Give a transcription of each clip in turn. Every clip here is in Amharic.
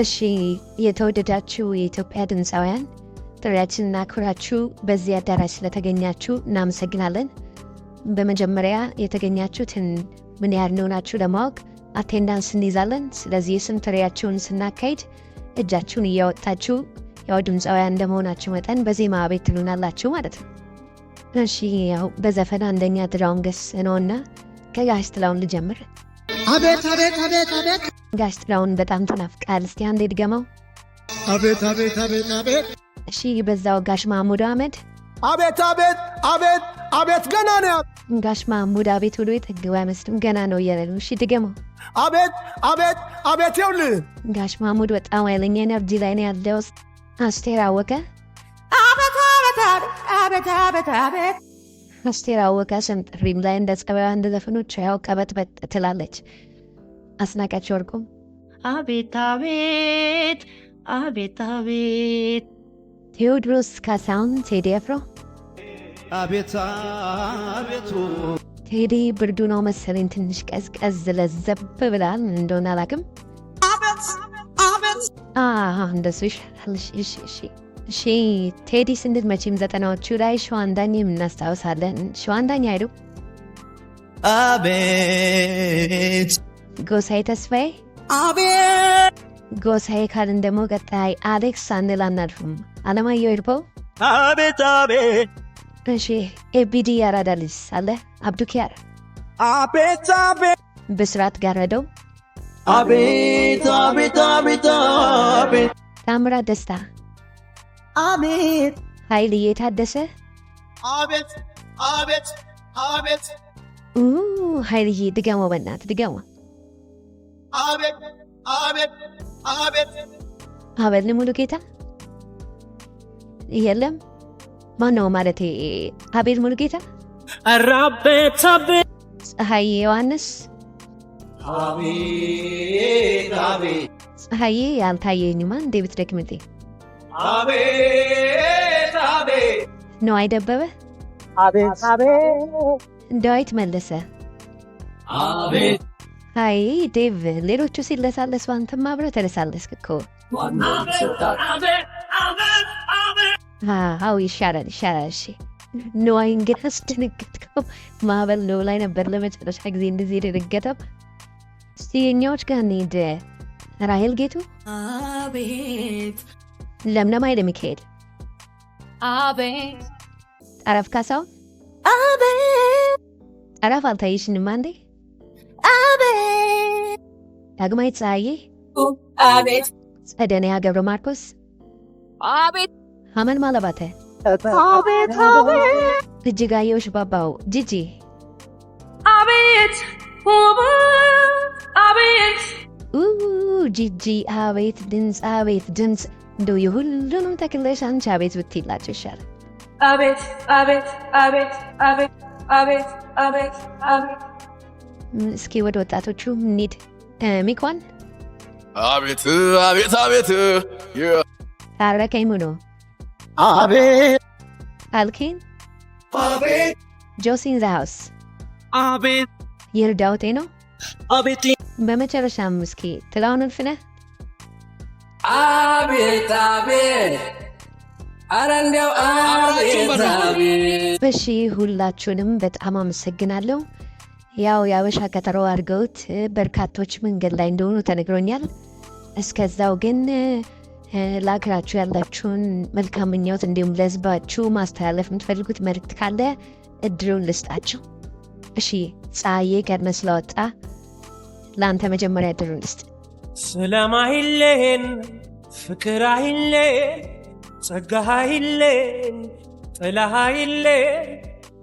እሺ የተወደዳችሁ የኢትዮጵያ ድምፃውያን ጥሪያችንን አክብራችሁ በዚህ አዳራሽ ስለተገኛችሁ እናመሰግናለን። በመጀመሪያ የተገኛችሁትን ምን ያህል እንደሆናችሁ ለማወቅ አቴንዳንስ እንይዛለን። ስለዚህ የስም ጥሪያችሁን ስናካሄድ እጃችሁን እያወጣችሁ ያው ድምፃውያን እንደመሆናችሁ መጠን በዜማ ቤት ትሉናላችሁ ማለት ነው። እሺ ያው በዘፈን አንደኛ ጥላሁን ገሰሰ ነውና ከጋሽ ጥላሁን ልጀምር። አቤት አቤት አቤት አቤት ጋሽ ስራውን በጣም ተናፍቃል። እስቲ አንዴ ድገመው። አቤት አቤት አቤት አቤት። እሺ በዛው ጋሽ ማሙድ አህመድ አቤት አቤት አቤት አቤት። ገና ነው ጋሽ ማሙድ አቤት ብሎ የጠገቡ አይመስልም። ገና ነው እያለሉ። እሺ ድገመው። አቤት አቤት አቤት። ይውል ጋሽ ማሙድ በጣም ኃይለኛ ኤነርጂ ላይ ነው ያለው። አስቴር አወቀ አቤት አቤት አቤት አቤት አቤት። አስቴር አወቀ ስም ጥሪም ላይ እንደ ጸባዩ እንደ ዘፈኖች ያው ቀበጥ በጥ ትላለች። አስናቃች ወርቁም አቤት አቤት አቤት አቤት፣ ቴዎድሮስ ካሳሁን ቴዲ አፍሮ አቤት አቤቱ። ቴዲ ብርዱ ነው መሰለኝ ትንሽ ቀዝቀዝ ለዘብ ብላል እንደሆነ አላውቅም። እንደሱ እሺ ቴዲ ስንል መቼም ዘጠናዎቹ ላይ ሸዋንዳኝ የምናስታውሳለን። ሸዋንዳኝ አይደው አቤት ጎሳዬ ተስፋዬ አቤት። ጎሳዬ ካልን ደግሞ ቀጣይ አሌክስ አንል አናልፍም። አለማየሁ ይርበው አቤት አቤት። እሺ ኤቢዲ ያራዳልስ አለ አብዱኪያር አቤት አቤት። ብስራት ጋረደው አቤት አቤት አቤት አቤት። ታምራ ደስታ አቤት። ኃይልዬ ታደሰ አቤት አቤት አቤት። ኃይልዬ ድጋማ በናት ድጋማ አቤት አቤት አቤት አቤት ሙሉ ጌታ የለም ማነው ማለት አቤት ሙሉ ጌታ አራቤት አቤት ፀሐይ ዮሐንስ አቤት አቤት ፀሐዬ ያልታየኝማ እንዴ ብትደክምቴ አቤት ነው አይደበበ አቤት አቤት እንዳዊት መለሰ አቤት አይ ዴቭ፣ ሌሎቹ ሲለሳለሱ አንተም አብረው ተለሳለስክ እኮ። አዎ ይሻላል ይሻላል። እሺ ነዋይን ግን አስደነገጥከው። ማዕበል ነው ላይ ነበር ለመጨረሻ ጊዜ እንደዚህ የደነገጠው። እስቲ የኛዎች ጋር እንሂድ። ራሄል ጌቱ፣ አቤት። ለምለም ኃይለ ሚካኤል፣ አቤት። ጠረፍ ካሳው፣ አቤት። ጠረፍ አልታየሽንም አንዴ አቤት! ዳግማዊት ፀሐዬ አቤት! ጸደንያ ገብረ ማርቆስ አቤት! ሀመን ማለባተ አቤት! አቤት! እጅጋየሁ ሽባባው ጂጂ አቤት! አቤት! ጂጂ አቤት ድምፅ አቤት ድምፅ እንደው የሁሉንም ተክለሽ አንቺ አቤት ብትላቸው ይሻላል። አቤት አቤት አቤት አቤት አቤት አቤት አቤት እስኪ ወደ ወጣቶቹ እንሂድ። ሚኳን አቤት አቤት አቤት ታረከኝ ሙኖ አቤት አልኪን አቤት ጆሲን ዘ ሃውስ አቤት ይርዳውቴ ነው አቤት በመጨረሻም እስኪ ትላውን እልፍነህ አቤት አቤት አረንዲያው አቤት አቤት። እሺ ሁላችሁንም በጣም አመሰግናለሁ። ያው የአበሻ ቀጠሮ አድርገውት በርካቶች መንገድ ላይ እንደሆኑ ተነግሮኛል። እስከዛው ግን ለሀገራችሁ ያላችሁን መልካም ምኞት እንዲሁም ለህዝባችሁ ማስተላለፍ የምትፈልጉት መልእክት ካለ እድሉን ልስጣችሁ። እሺ ፀሐዬ ቀድመ ስለወጣ ለአንተ መጀመሪያ እድሉን ልስጥ። ሰላም ፍቅር አይለን፣ ጸጋ አይለን፣ ጥላ አይለን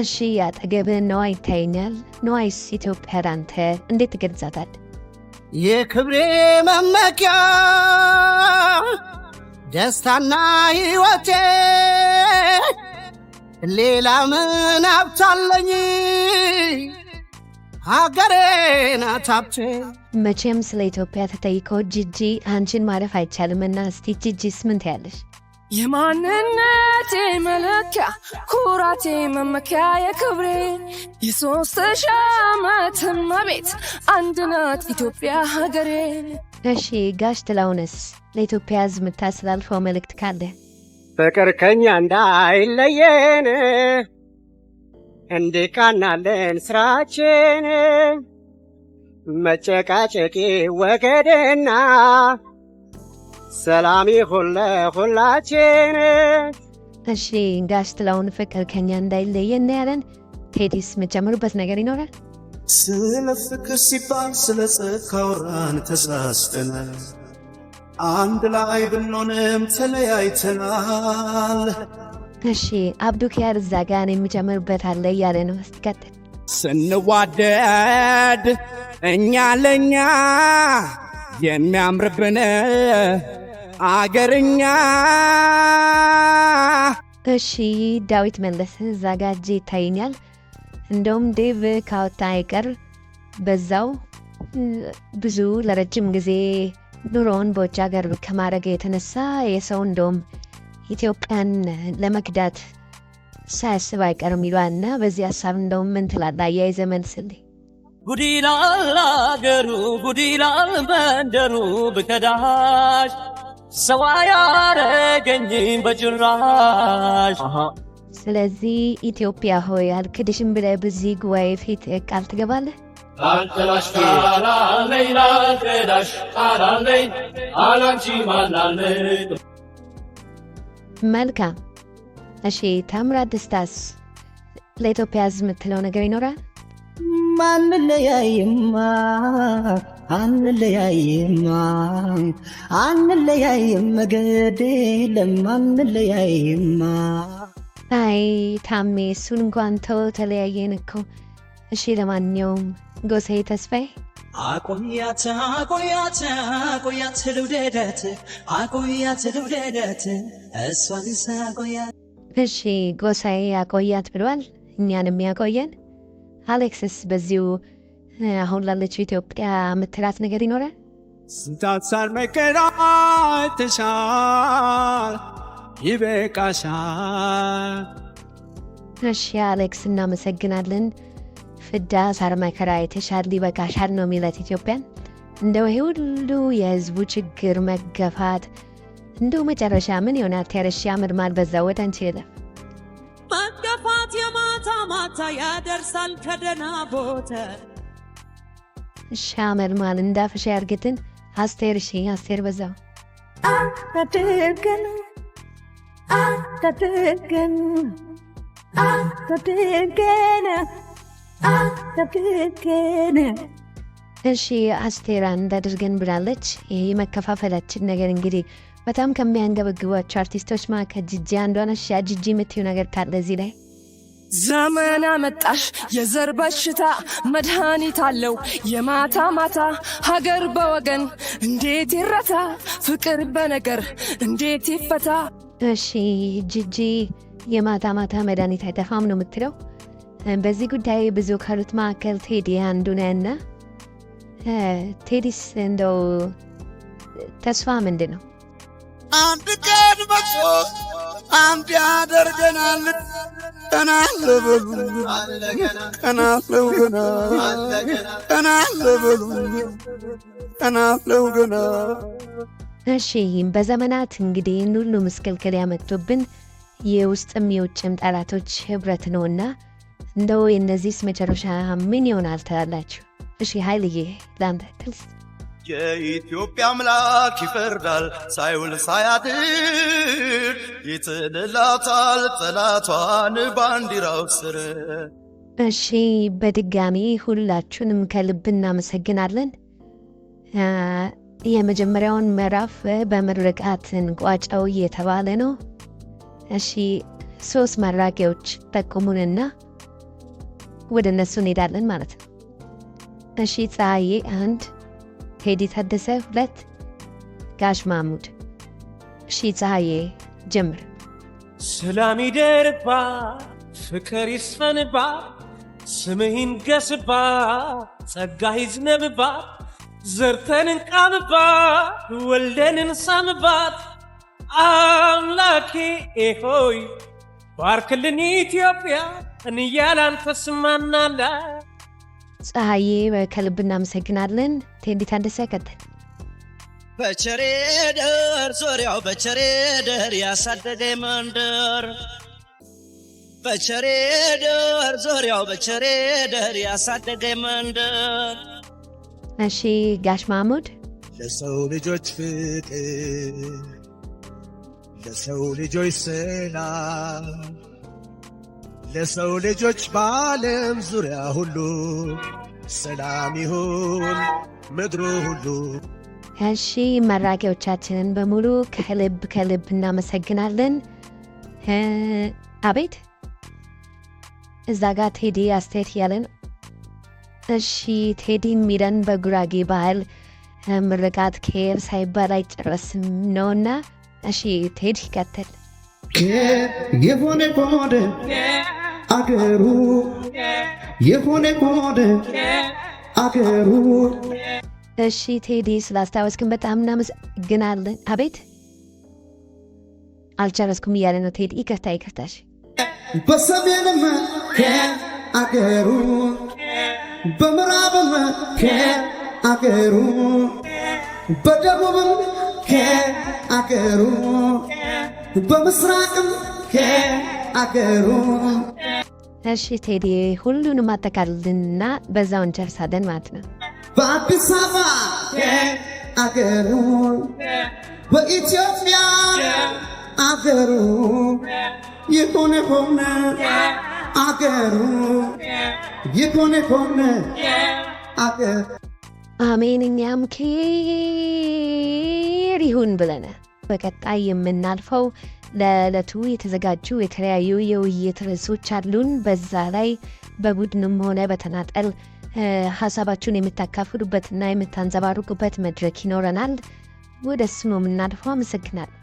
እሺ አጠገብ ነዋይ ይታየኛል። ነዋይስ ኢትዮጵያ ዳንተ እንዴት ትገልጻታል? የክብሬ መመኪያ ደስታና ሕይወቴ ሌላ ምን ሀብታለኝ ሀገሬ ናት መቼም ስለ ኢትዮጵያ ተጠይቀው ጂጂ አንቺን አይቻልም እና እስቲ ጂጂስ ምን ትያለሽ? የማንነቴ መለኪያ ኩራቴ መመኪያ የክብሬ የሶስት ሺ ዓመት እመቤት አንድ ናት ኢትዮጵያ ሀገሬ። እሺ ጋሽ ትላውንስ ለኢትዮጵያ ሕዝብ የምታስተላልፈው መልእክት ካለ? ፍቅር ከኛ እንዳይለየን እንዲቃናለን ስራችን መጨቃጨቂ ወገድና ሰላም ይሁን ለሁላችን። እሺ ጋሽ ጥላሁን ፍቅር ከኛ እንዳይለየን ያለን ቴዲስ መጨመሩበት ነገር ይኖራል። ስለ ፍቅር ሲባል ስለ ጽድቅ ተሳስተናል። አንድ ላይ ብንሆንም ተለያይተናል። እሺ አብዱ ኪያር እዛ ጋር የሚጨምርበት አለ እያለ ነው። እስኪቀጥል ስንዋደድ እኛ ለእኛ የሚያምርብን አገርኛ። እሺ ዳዊት መለስ ዘጋጅ ይታየኛል። እንደውም ዴቭ ካወታ አይቀር በዛው ብዙ ለረጅም ጊዜ ኑሮውን በውጭ ሀገር ከማድረግ የተነሳ የሰው እንደውም ኢትዮጵያን ለመክዳት ሳያስብ አይቀርም ይሏና በዚህ ሀሳብ እንደውም ምን ትላለህ? አያይዘህ መልስልኝ። ጉዲላል አገሩ ጉዲላል መንደሩ ብከዳሽ ሰው አያረገኝም በጭራሽ። ስለዚህ ኢትዮጵያ ሆይ አልክድሽም ብለህ በዚህ ጉባኤ ፊት ቃል ትገባለህ። መልካም እሺ። ታምራት ደስታስ ለኢትዮጵያ ሕዝብ የምትለው ነገር ይኖራል? አንለያይማ አንለያይማ አንለያይም መገዴ ለማንለያይማ። አይ ታሜ እሱን እንኳን ተው፣ ተለያየን እኮ። እሺ ለማንኛውም ጎሳዬ ተስፋዬ አቆያት አቆያት አቆያት ልውደደት አቆያት ልውደደት እሷን አቆያት እሺ ጎሳዬ አቆያት ብሏል፣ እኛንም ያቆየን አሌክስስ በዚሁ አሁን ላለችው ኢትዮጵያ የምትላት ነገር ይኖራል? መከራ ተሻል ይበቃሻል። እሺ አሌክስ እናመሰግናለን። ፍዳ ሳር መከራ የተሻል ሊበቃሻል ነው የሚለት ኢትዮጵያን። እንደው ይሄ ሁሉ የህዝቡ ችግር መገፋት፣ እንደው መጨረሻ ምን ይሆናል? ተረሺ ያምርማል። በዛ ወደ አንቺ መገፋት የማ ማታ ማታ ያደርሳል ከደና ቦታ ሻመርማን እንዳፈሻ ያርግትን አስቴር እሺ፣ አስቴር በዛ አታድርገን አታድርገን አታድርገን አታድርገን። እሺ አስቴር እንዳድርገን ብላለች። ይህ የመከፋፈላችን ነገር እንግዲህ በጣም ከሚያንገበግቧቸው አርቲስቶች መካከል ጂጂ አንዷ ነች። ጂጂ የምትይው ነገር ካለ እዚህ ላይ ዘመን አመጣሽ የዘር በሽታ መድኃኒት አለው የማታ ማታ ሀገር በወገን እንዴት ይረታ ፍቅር በነገር እንዴት ይፈታ። እሺ ጂጂ የማታ ማታ መድኃኒት አይጠፋም ነው የምትለው። በዚህ ጉዳይ ብዙ ካሉት መካከል ቴዲ አንዱ ነውና ቴዲስ እንደው ተስፋ ምንድን ነው? አንድ ቀን መጥቶ አንድ ያደርገናል እሺ በዘመናት እንግዲህ ሁሉ ምስቅልቅል ያመጡብን የውስጥም የውጭም ጠላቶች ህብረት ነውና እንደው የእነዚህስ መጨረሻ ምን ይሆናል ትላላችሁ? እሺ ኃይልዬ ለአንተ የኢትዮጵያ አምላክ ይፈርዳል፣ ሳይውል ሳያድር ይትንላታል ጠላቷን ባንዲራው ስር። እሺ በድጋሚ ሁላችሁንም ከልብ እናመሰግናለን። የመጀመሪያውን ምዕራፍ በምርቃት ቋጫው እየተባለ ነው። እሺ ሶስት መራቂዎች ጠቁሙንና ወደ እነሱ እንሄዳለን ማለት ነው። እሺ ፀሐዬ አንድ ቴዲ ታደሰ ሁለት ጋሽ ማሙድ ሺ ፀሐዬ ጀምር ሰላም ይደርባ ፍቅር ይስፈንባ ስምህ ገስባ ጸጋ ይዝነብባ ዘርተን እንቃምባ ወልደንን እንሳምባት አምላኬ ሆይ ባርክልን ኢትዮጵያ እንያላንተስማናላ ፀሐዬ ከልብ እናመሰግናለን። ቴንዲት አንደሳ ያቀጥል በቸሬደር ደር ዙሪያው በቸሬ ያሳደገ መንደር በቸሬደር ደር ዙሪያው በቸሬ ያሳደገ መንደር። እሺ ጋሽ ማሙድ ለሰው ልጆች ፍቅር ለሰው ልጆች ሰላም ለሰው ልጆች በዓለም ዙሪያ ሁሉ ሰላም ይሁን ምድሩ ሁሉ። እሺ መራጊዎቻችንን በሙሉ ከልብ ከልብ እናመሰግናለን። አቤት እዛ ጋር ቴዲ አስተያየት እያለን እሺ ቴዲ የሚለን በጉራጌ ባህል ምርቃት ኬር ሳይባል አይጨረስም ነውና፣ እሺ ቴዲ ይቀጥል። ኬር የሆነ ከሆነ አገሩ የሆነ ሆነ አገሩ። እሺ ቴዲ ስላስታወስክን በጣም እናመሰግናለን። አቤት አልጨረስኩም እያለ ነው ቴዲ። ይቅርታ ይቅርታሽ። በሰሜንም አገሩ በምዕራብም አገሩ በደቡብም አገሩ በምስራቅም አገሩ እሺ ቴዲ ሁሉንም አጠቃልልና በዛው እንጨርሳለን ማለት ነው። በአዲስ አበባ አገሩ በኢትዮጵያ አገሩ የሆነ ሆነ አገሩ የሆነ ሆነ አገሩ አሜን። እኛም ኬር ይሁን ብለነ በቀጣይ የምናልፈው ለዕለቱ የተዘጋጁ የተለያዩ የውይይት ርዕሶች አሉን። በዛ ላይ በቡድንም ሆነ በተናጠል ሀሳባችሁን የምታካፍሉበትና የምታንጸባርቁበት መድረክ ይኖረናል። ወደ እሱ ነው የምናልፈው። አመሰግናለሁ።